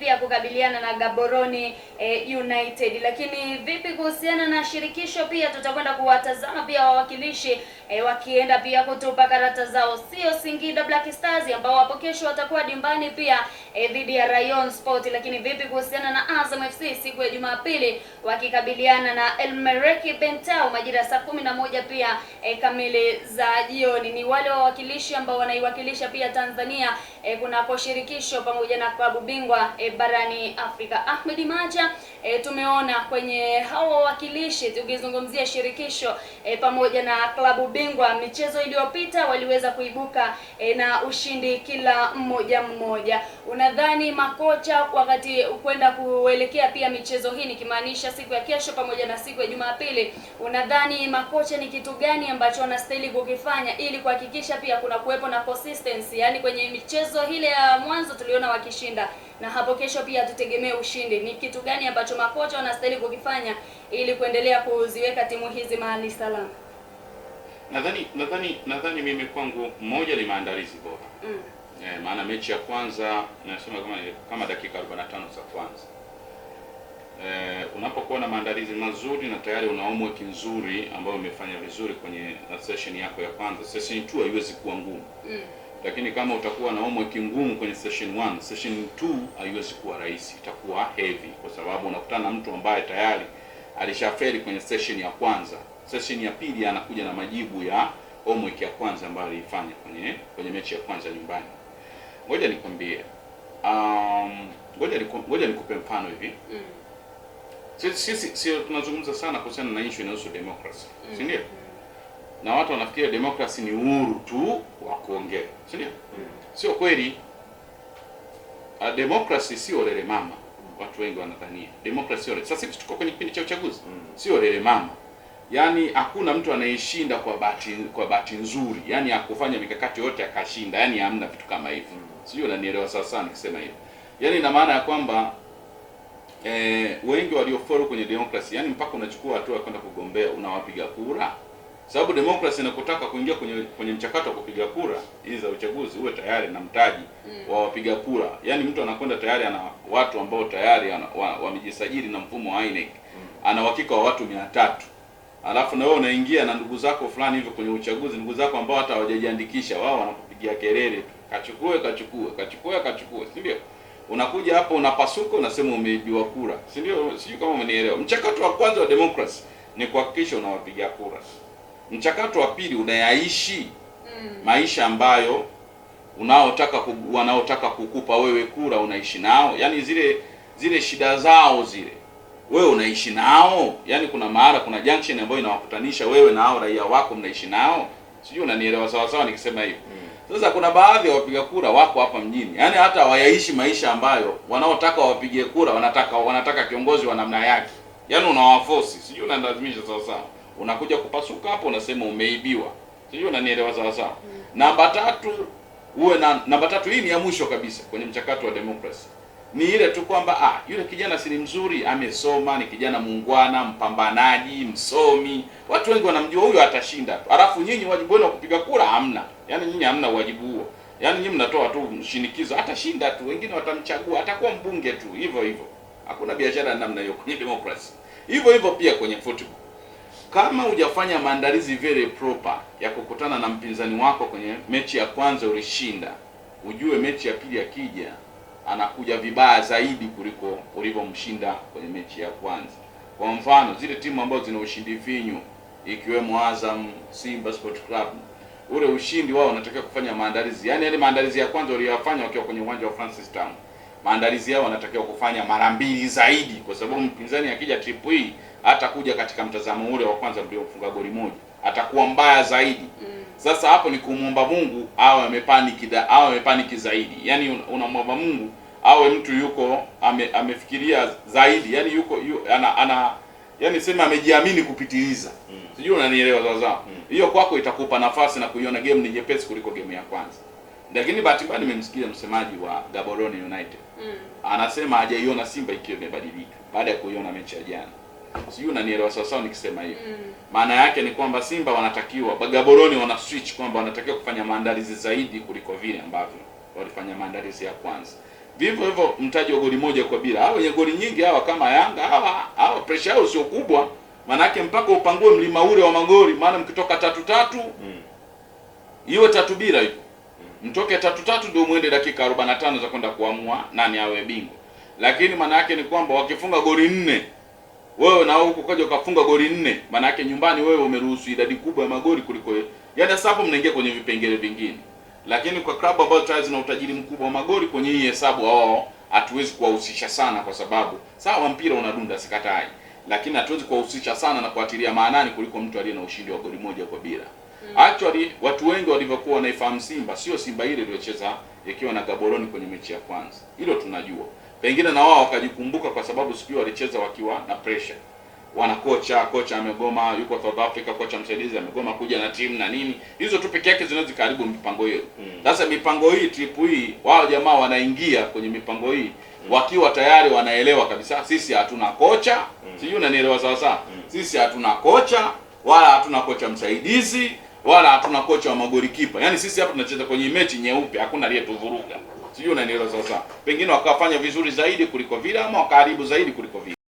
pia kukabiliana na Gaborone eh, United. Lakini vipi kuhusiana na shirikisho, pia tutakwenda kuwatazama pia wawakilishi E, wakienda pia kutupa karata zao sio Singida Black Stars ambao hapo kesho watakuwa dimbani pia e, dhidi e, ya Rayon Sport. Lakini vipi kuhusiana na Azam FC siku ya Jumapili wakikabiliana na El Merreikh Bentao majira ya saa kumi na moja pia e, kamili za jioni. Ni wale wawakilishi ambao wanaiwakilisha pia Tanzania e, kunako shirikisho pamoja na klabu bingwa e, barani Afrika. Ahmed Maja e, tumeona kwenye hao wawakilishi tukizungumzia shirikisho e, pamoja na klabu bingwa mabingwa michezo iliyopita waliweza kuibuka e, na ushindi kila mmoja mmoja. Unadhani makocha wakati kwenda kuelekea pia michezo hii nikimaanisha siku ya kesho pamoja na siku ya Jumapili, unadhani makocha ni kitu gani ambacho wanastahili kukifanya ili kuhakikisha pia kuna kuwepo na consistency, yani kwenye michezo ile ya mwanzo tuliona wakishinda na hapo kesho pia tutegemee ushindi. Ni kitu gani ambacho makocha wanastahili kukifanya ili kuendelea kuziweka timu hizi mahali salama? nadhani nadhani nadhani mimi kwangu mmoja ni maandalizi bora mm. Eh, maana mechi ya kwanza nasema kama kama dakika 45 za kwanza eh, unapokuwa na maandalizi mazuri na tayari una homework nzuri ambayo umefanya vizuri kwenye session yako ya kwanza, session 2 haiwezi kuwa ngumu mm. Lakini kama utakuwa na homework ngumu kwenye session 1, session 2 haiwezi kuwa rahisi, itakuwa heavy, kwa sababu unakutana na mtu ambaye tayari alishafeli kwenye session ya kwanza session ya pili anakuja na majibu ya homework ya kwanza ambayo alifanya kwenye kwenye mechi ya kwanza nyumbani. Ngoja nikwambie, um, ngoja ngoja nikupe mfano hivi mm. Sisi si, si, si, tunazungumza sana kuhusiana na issue inayohusu democracy mm. si ndio? mm. na watu wanafikiria democracy ni uhuru tu wa kuongea si ndio? mm. Sio kweli. Uh, democracy sio olele mama, mm. watu wengi wanadhania democracy sio Sasa sisi tuko kwenye kipindi cha uchaguzi mm. sio olele mama yaani hakuna mtu anayeshinda kwa bahati kwa bahati nzuri, yaani akufanya mikakati yote akashinda, yaani hamna vitu kama hivyo. Sijui unanielewa sawa sana nikisema hivyo, yaani ina maana ya kwamba e, wengi waliofaulu kwenye demokrasia, yaani mpaka unachukua hatua kwenda kugombea, unawapiga kura, sababu demokrasi inakutaka kuingia kwenye kwenye mchakato wa kupiga kura hizi za uchaguzi, uwe tayari na mtaji mm. wa wapiga kura, yaani mtu anakwenda tayari ana watu ambao tayari wamejisajili wa wa na mfumo wa INEC mm. ana uhakika wa watu mia alafu na wewe unaingia na ndugu zako fulani hivyo kwenye uchaguzi, ndugu zako ambao hata hawajajiandikisha, wao wanakupigia kelele tu, kachukue kachukue kachukue kachukue, si ndio? Unakuja hapo unapasuka, unasema umeibiwa kura, si ndio? Sijui kama umenielewa. Mchakato wa kwanza wa demokrasi ni kuhakikisha unawapiga kura. Mchakato wa pili unayaishi mm. maisha ambayo unaotaka wanaotaka kukupa wewe kura unaishi nao, yaani zile zile shida zao zile wewe unaishi nao, yaani kuna mahala kuna junction ambayo inawakutanisha wewe na hao raia wako, mnaishi nao. Sijui unanielewa sawa sawa nikisema hivyo. Hmm. Sasa kuna baadhi ya wapiga kura wako hapa mjini, yaani hata hawayaishi maisha ambayo wanaotaka wapigie kura wanataka wanataka kiongozi wa namna yake, yaani unawafosi, Sijui unalazimisha sawa sawa, unakuja kupasuka hapo, unasema umeibiwa. Sijui unanielewa sawa sawa. Hmm. Namba tatu uwe na namba tatu. Hii ni ya mwisho kabisa kwenye mchakato wa demokrasia ni ile tu kwamba ah, yule kijana si mzuri, amesoma, ni kijana muungwana, mpambanaji, msomi, watu wengi wanamjua huyo atashinda. Alafu nyinyi wajibu wenu wa kupiga kura hamna, yaani nyinyi hamna wajibu huo, yaani nyinyi mnatoa tu shinikizo, atashinda tu, wengine watamchagua, atakuwa mbunge tu, hivyo hivyo. Hakuna biashara namna hiyo kwenye demokrasi. Hivyo hivyo pia kwenye football, kama hujafanya maandalizi very proper ya kukutana na mpinzani wako kwenye mechi ya kwanza ulishinda, ujue mechi ya pili akija anakuja vibaya zaidi kuliko ulivyomshinda kwenye mechi ya kwanza. Kwa mfano zile timu ambazo zina ushindi finyu ikiwemo Azam, Simba Sport Club, ule ushindi wao wanatakiwa kufanya maandalizi, yaani yale maandalizi ya kwanza waliyofanya wakiwa kwenye uwanja wa Francis Town, maandalizi yao wanatakiwa kufanya mara mbili zaidi, kwa sababu mpinzani akija trip hii hata kuja katika mtazamo ule wa kwanza mliofunga goli moja atakuwa mbaya zaidi. Mm. Sasa hapo ni kumwomba Mungu awe amepaniki da, awe amepaniki zaidi. Yaani unamwomba Mungu awe mtu yuko ame, amefikiria zaidi. Yaani yuko yu, ana, ana yaani sema amejiamini kupitiliza. Mm. Sijui unanielewa sasa. Mm. Hiyo mm. kwako itakupa nafasi na kuiona game ni nyepesi kuliko game ya kwanza. Lakini bahati mbaya nimemsikia msemaji wa Gaborone United. Mm. Anasema hajaiona Simba ikiwa imebadilika baada ya kuiona mechi ya jana. Sijui unanielewa sawa sawa nikisema hiyo. Mm. Maana mm. yake ni kwamba Simba wanatakiwa Gaborone wana switch kwamba wanatakiwa kufanya maandalizi zaidi kuliko vile ambavyo walifanya maandalizi ya kwanza. Vivyo hivyo mtaji wa goli moja kwa bila. Hao wenye goli nyingi hawa kama Yanga hawa hawa pressure yao sio kubwa. Maana yake mpaka upangue mlima ule wa magoli maana mkitoka tatu tatu mm. iwe tatu bila hiyo. Mm. Mtoke tatu tatu ndio muende dakika 45 za kwenda kuamua nani awe bingwa. Lakini maana yake ni kwamba wakifunga goli nne wewe na huko ukaja ukafunga goli nne, maana yake nyumbani wewe umeruhusu idadi kubwa ya magoli kuliko yaani. Sasa hapo mnaingia kwenye vipengele vingine, lakini kwa klabu ambayo tayari zina utajiri mkubwa wa magoli kwenye hii hesabu wao hatuwezi kuwahusisha sana, kwa sababu sawa, mpira unadunda, sikatai, lakini hatuwezi kuwahusisha sana na kuatilia maanani kuliko mtu aliye na ushindi wa goli moja kwa bila. Mm. Actually watu wengi walivyokuwa wanaifahamu Simba sio Simba ile iliyocheza ikiwa na Gaboroni kwenye mechi ya kwanza, hilo tunajua pengine na wao wakajikumbuka, kwa sababu sijui walicheza wakiwa na pressure, wana kocha, kocha amegoma yuko South Africa, kocha msaidizi amegoma kuja na timu na nini. Hizo tu peke yake zinaweza karibu mipango hiyo. Hmm. Sasa hmm. mipango hii trip hii, wao jamaa wanaingia kwenye mipango hii hmm. wakiwa tayari wanaelewa kabisa, sisi hatuna kocha mm. Sijui unanielewa sawa sawa mm. Sisi hatuna kocha wala hatuna kocha msaidizi wala hatuna kocha wa magoli kipa, yaani sisi hapa tunacheza kwenye mechi nyeupe, hakuna aliyetudhuruga sijui unanielewa sasa pengine wakafanya vizuri zaidi kuliko vile ama wakaharibu zaidi kuliko vile.